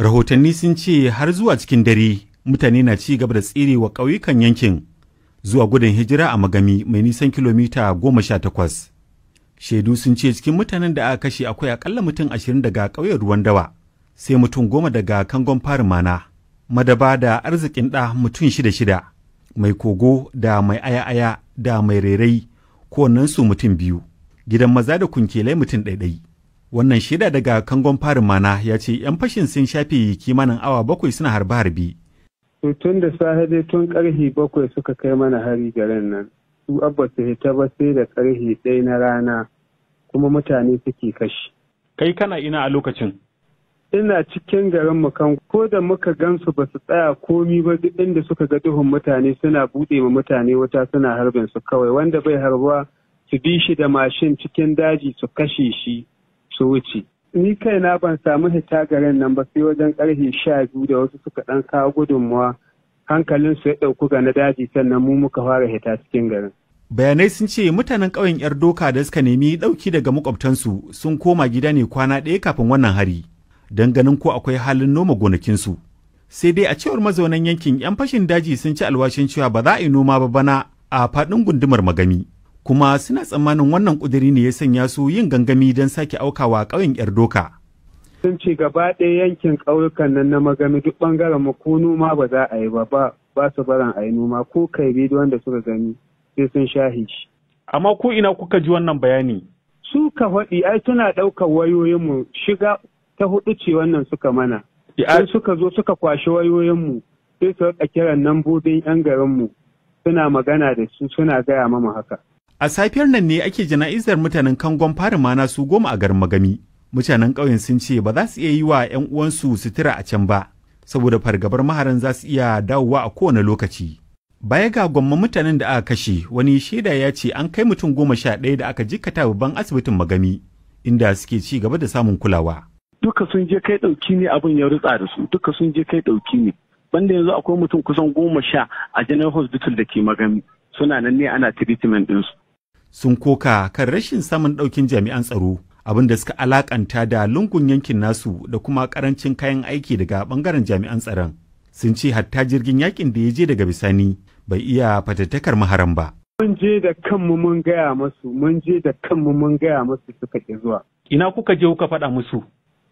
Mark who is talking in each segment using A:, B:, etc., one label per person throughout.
A: rahotanni sun ce har zuwa cikin dare mutane na ci gaba da wa ƙauyukan yankin zuwa gudun hijira a magami mai nisan kilomita goma sha takwas shaidu sun ce cikin mutanen da aka kashe akwai akalla mutum ashirin daga ƙauyen ruwan dawa sai mutum goma daga kangon mana madaba da arzikin ɗa mutum shida shida mai kogo da mai aya-aya da mai rairai kowannensu mutum biyu gidan maza da kunkelai mutum ɗaiɗai Wannan shida daga kangon farin mana ya ce 'yan fashin sun shafi kimanin awa bakwai suna harbe harbi
B: Tun da safe dai tun karhe bakwai suka kai mana hari garin nan. Su abba su hita ba sai da karhe ɗaya na rana
A: kuma mutane suke kashi. Kai kana ina a lokacin?
B: Ina cikin garin mukan ko da muka gansu ba su tsaya komi ba duk inda suka ga duhun mutane suna buɗe ma mutane wuta suna harbin su kawai wanda bai harbuwa su bi shi da mashin cikin daji su kashe shi. su wuce. Ni kaina ban samu hita garin nan ba sai wajen karfe sha biyu da wasu suka ɗan kawo gudunmawa hankalin su ya ɗauku ga na daji sannan mu muka fara hita cikin garin.
A: Bayanai sun ce mutanen ƙauyen 'yar doka da suka nemi ɗauki daga makwabtansu sun koma gida ne kwana ɗaya kafin wannan hari. Don ganin ko akwai halin noma gonakinsu. Sai dai a cewar mazaunan yankin 'yan fashin daji sun ci alwashin cewa ba za a yi noma ba bana a faɗin gundumar magami. kuma suna tsammanin wannan ƙuduri ne ya sanya su yin gangami don sake aukawa ƙauyen doka.
B: Sun ci gaba ɗaya yankin ƙauyukan nan na magami duk ɓangaren mu ko noma ba za a yi ba ba su baran a yi noma ko kai wanda suka gani sai sun shahi shi.
A: Amma ko ina kuka ji wannan bayani?
B: Su ka faɗi ai suna ɗaukar wayoyinmu shiga ta hudu ce wannan suka mana. sai suka zo suka kwashi wayoyinmu sai su kiran nan bobin 'yan garinmu suna magana da su suna gaya mamu haka.
A: A safiyar nan ne ake jana'izar mutanen kangon farin mana su goma a garin Magami. Mutanen ƙauyen sun ce ba za su iya yi wa 'yan uwansu sutura a can ba, saboda fargabar maharan za su iya dawowa a kowane lokaci. Baya ga gwamma mutanen da aka kashe, wani shaida ya ce an kai mutum goma sha ɗaya da aka jikkata babban asibitin Magami, inda suke ci gaba da samun kulawa.
B: Duka sun je kai ɗauki ne abin ya rutsa da su, duka sun je kai ɗauki ne. Banda yanzu akwai mutum kusan goma sha a General Hospital da ke Magami, suna nan ne ana treatment ɗinsu.
A: sun koka kan rashin samun ɗaukin jami'an tsaro abin da suka alakanta da lungun yankin nasu da kuma karancin kayan aiki daga bangaren jami'an tsaron sun ce hatta jirgin yakin da ya je daga bisani bai iya fatattakar maharan ba.
B: Mun je da kanmu mun gaya masu, mun je da kanmu mun gaya masu suka ke zuwa.
A: Ina kuka je kuka faɗa musu?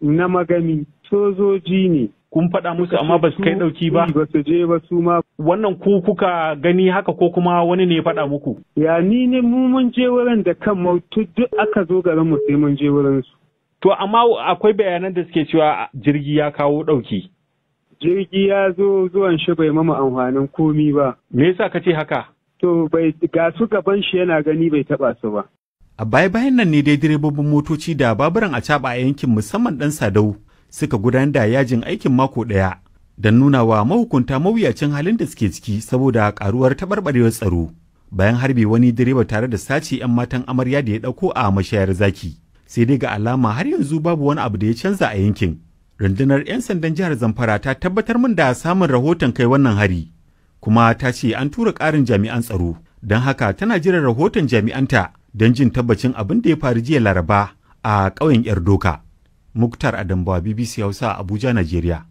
B: Na magami, sojoji ne, kun faɗa musu amma ba su kai ɗauki ba. Ba su je ba su ma. Wannan ku kuka gani haka ko kuma wani ne ya faɗa muku. Ya ni ne mu mun je wurin da kan mautu duk aka zo garin mu sai mun je wurin su.
A: To amma akwai bayanan da suke cewa jirgi ya kawo
B: ɗauki. Jirgi ya zo zuwan shi bai mama amfanin komi ba.
A: Me yasa ka ce haka? To bai ga su gaban shi yana gani bai taɓa su ba. A baya bayan nan ne dai direbobin motoci da baburan a caɓa a yankin musamman ɗan Sadau suka gudanar da yajin aikin mako ɗaya don nuna wa mahukunta mawuyacin halin da suke ciki saboda karuwar taɓarɓarewar tsaro bayan harbi wani direba tare da sace 'yan matan amarya da ya ɗauko a mashayar zaki sai dai ga alama har yanzu babu wani abu da ya canza a yankin rundunar 'yan sandan jihar zamfara ta tabbatar min da samun rahoton kai wannan hari kuma ta ce an tura ƙarin jami'an tsaro don haka tana jiran rahoton jami'anta don jin tabbacin abin da ya faru jiya laraba a ƙauyen 'yar doka. Muktar Adambawa BBC Hausa Abuja, Najeriya.